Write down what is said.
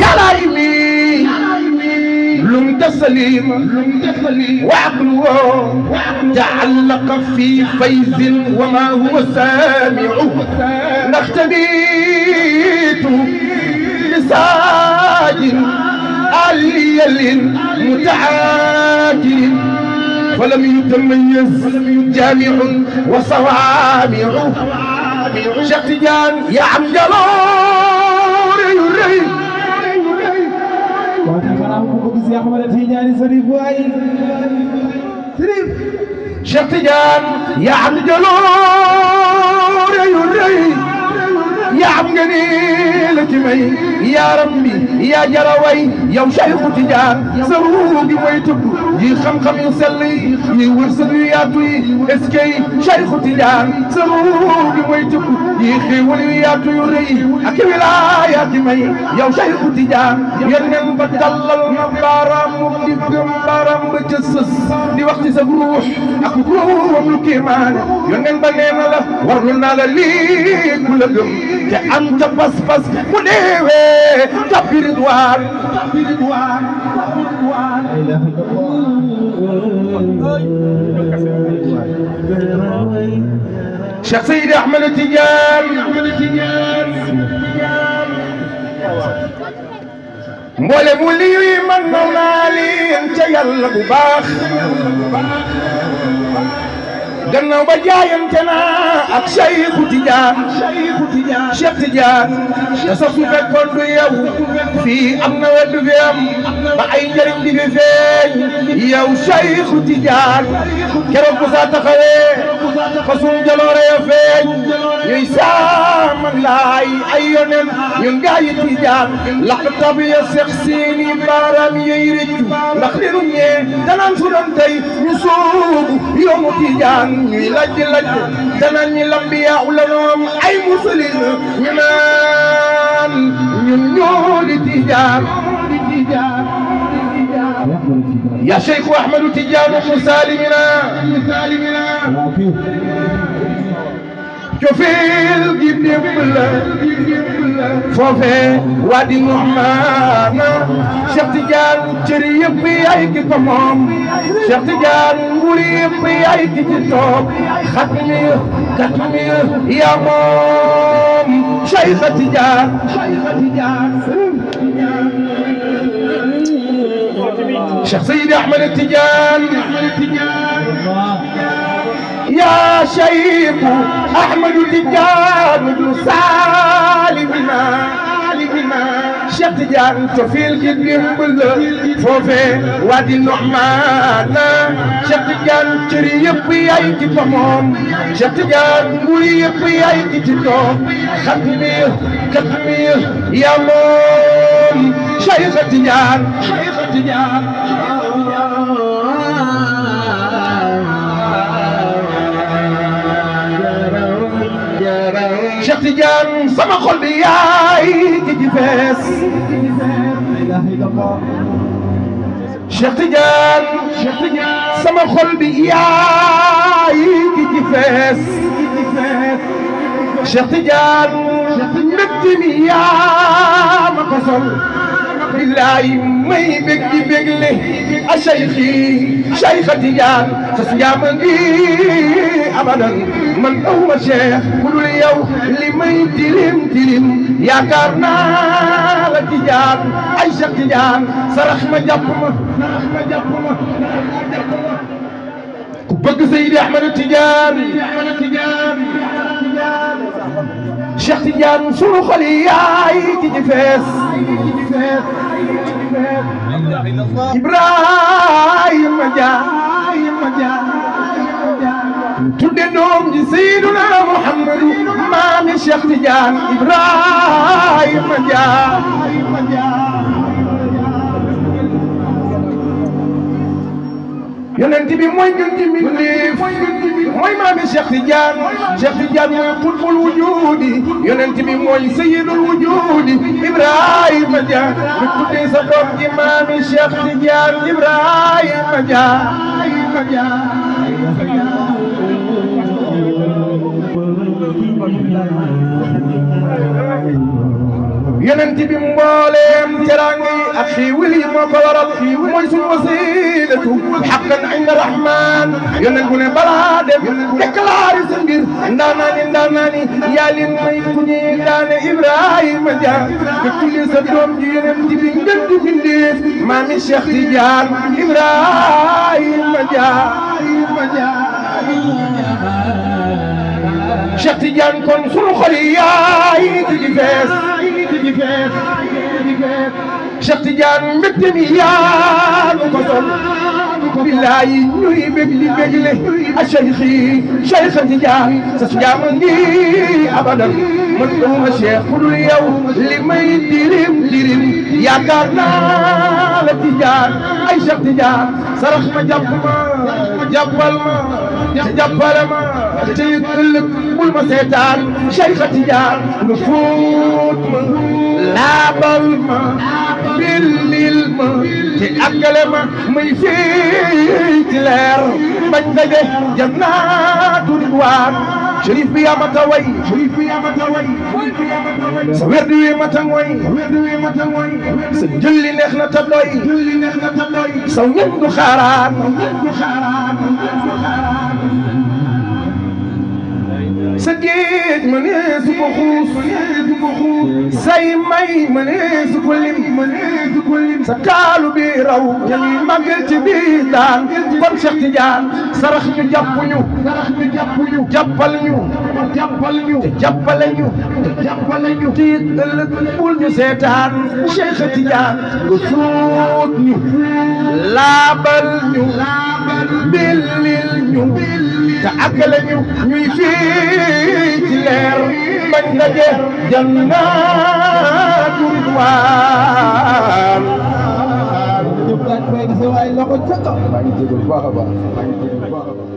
يا يمين لم تسليم وعقله تعلق في فيز وما هو سامعه نختبيت لساج عليل متعاجل ولم يتميز جامع وصوامع شقيان يا عم جلال يريد Ahmad Tidiane Serif waay Serif Cheikh Tidiane yaa am jaloor yu rëy yaa am nga ni la ci may yaa rabbi yaa jaraway yow Cheikh Tidiane sa ruugi mooy tudd yi xam-xam yu sell yi yi wërsëg yu yaatu yi est ce que yi Cheikhu Tidiane sa ruur gi mooy tëkku yi xéewal yu yaatu yu rëy ak wilaaya di may yow Cheikhu Tidiane yeneen ba tallal na baaraam mu diggam baaraam ba ca sës di wax ci sa ruux ak ruuxam lu kéemaane yeneen ba nee na la warlu naa la lii ku la gëm te am ca pas-pas bu deewee tabbi ridwaan لا إله إلا الله شيخ سيدي أحمد التجان mboolem mu lii man na naa lii te yàlla bu baax gannaaw ba jaayante naa ak Cheikhu Tijaan Cheikh Tijaan te sax su fekkoon du yow fii am na weddu fi di fi feeñ yow Tijaan keroog bu saa taxawee fa suñu ya feeñ ñuy saaman laay ay yonen ñun Tijaan laq tab ya seq seeni baaraam yooyu rëccu ndax li nu ñee danaan su doon tey ñu Tijaan ñuy lajj lajj danaan ñi lambi yaaw la noom ay musulin ñu naan ñun ñoo di tijaan يا شيخ احمد تجان مسالمنا مسالمنا شوفي الجدب foofee Wadi Muhammad Cheikh Tidiane cëri yëpp yaay ki ko moom Cheikh Tidiane nguur yëpp yaay ki ci toog xat mi kat mi yaa moom Cheikh Tidiane Cheikh Seydi Ahmed Tidiane يا شيخ أحمد تجان سالمنا Cheikh Tidiane tofil gi dimbal foofee wadi Nu'man Cheikh Tidiane cër yëpp yaay ci ko moom Cheikh Tidiane nguur yëpp yaay ci ci toog xam mi kat mi yaa moom Cheikh Tidiane Cheikh Tidiane sama xol bi yaay ki ci fees Cheikh Tidiane sama xol bi yaay ki ci fees Cheikh Tidiane mbégte mi yaa ma ko sol billaay may bég di bégle a cheikhi cheikha tijaan sas njaama gi man awma cheikh ku dul li may tilim tilim yaakaar naa tijaan ay cheikh tijaan sarax ma jàpp sarax ma jàpp ma ku bëgg Seydi Ahmad Tijaan Cheikh Tidiane sunu xol yi yaay ci ci fees Ibrahima Dia tudde doom ji Seyduna Muhammadu maami Cheikh Tidiane Ibrahima Dia yonent bi mooy gën ci mbindéef mooy maami Cheikh Tidiane Cheikh Tidiane mooy xayrul wujudi yonent bi mooy sayyidul wujudi Ibrahima Dia ñu tuddee sa doom ji maami Cheikh Tidiane Ibrahima Dia Ibrahima Dia yonent bi mbooleem teraanga yi ak xiiwil yi moo ko waral mooy suñu wasilatu xaqan inda rahman yonent bu ne balaa dem ndaanaani ndaanaani yaa leen may ku ñuy daane Ibrahima Diagne nga tulli sa doom ji yonent bi ngeen di bindee maami Cheikh Tidiane Ibrahima Diagne Cheikh Tidiane kon sunu xol yi yaay nit di fees Cheikh Tidiane mbégte mi yaa lu ko sol billaay ñuy bég li bégle a cheikh yi cheikh Tijaan sa jaam ngi abadan man duma cheikh ku dul li may dirim dirim yaakaar naa la Tijaan ay cheikh Tijaan sarax ma ma jàppal ma jàppal ma tey ëllëg bul ma seetaan Cheikh Tidiane nga fóot ma laabal ma billil ma te àggale ma may fii ci leer bañ daje jannaatu ridwaan Cherif bi yaa ma ta way Cherif bi yaa ma ta way sa werd wi ma ta ngoy sa julli neex na ta doy sa ñan du xaaraan sa géej ma ne su ko xuus su ko xuus say may ma ne su ko lim ma ne su ko lim sa kaalu bi raw ñuy màggal ci biir daan kon Cheikh Tidiane sarax ñu jàpp ñu sarax ñu jàpp ñu jàppal ñu jàppal ñu te jàppale ñu te jàppale ñu tiit ëllëg bul ñu seetaan Cheikh Tidiane nga suut ñu laabal ñu billil ñu te àggale ñu ñuy fii ci leer mañ daje jannaatu ridwaan ñu daal di fay gis waaye loxo ca kaw maa ngi jégalu bu baax a baax maa ngi jégalu bu baax a baax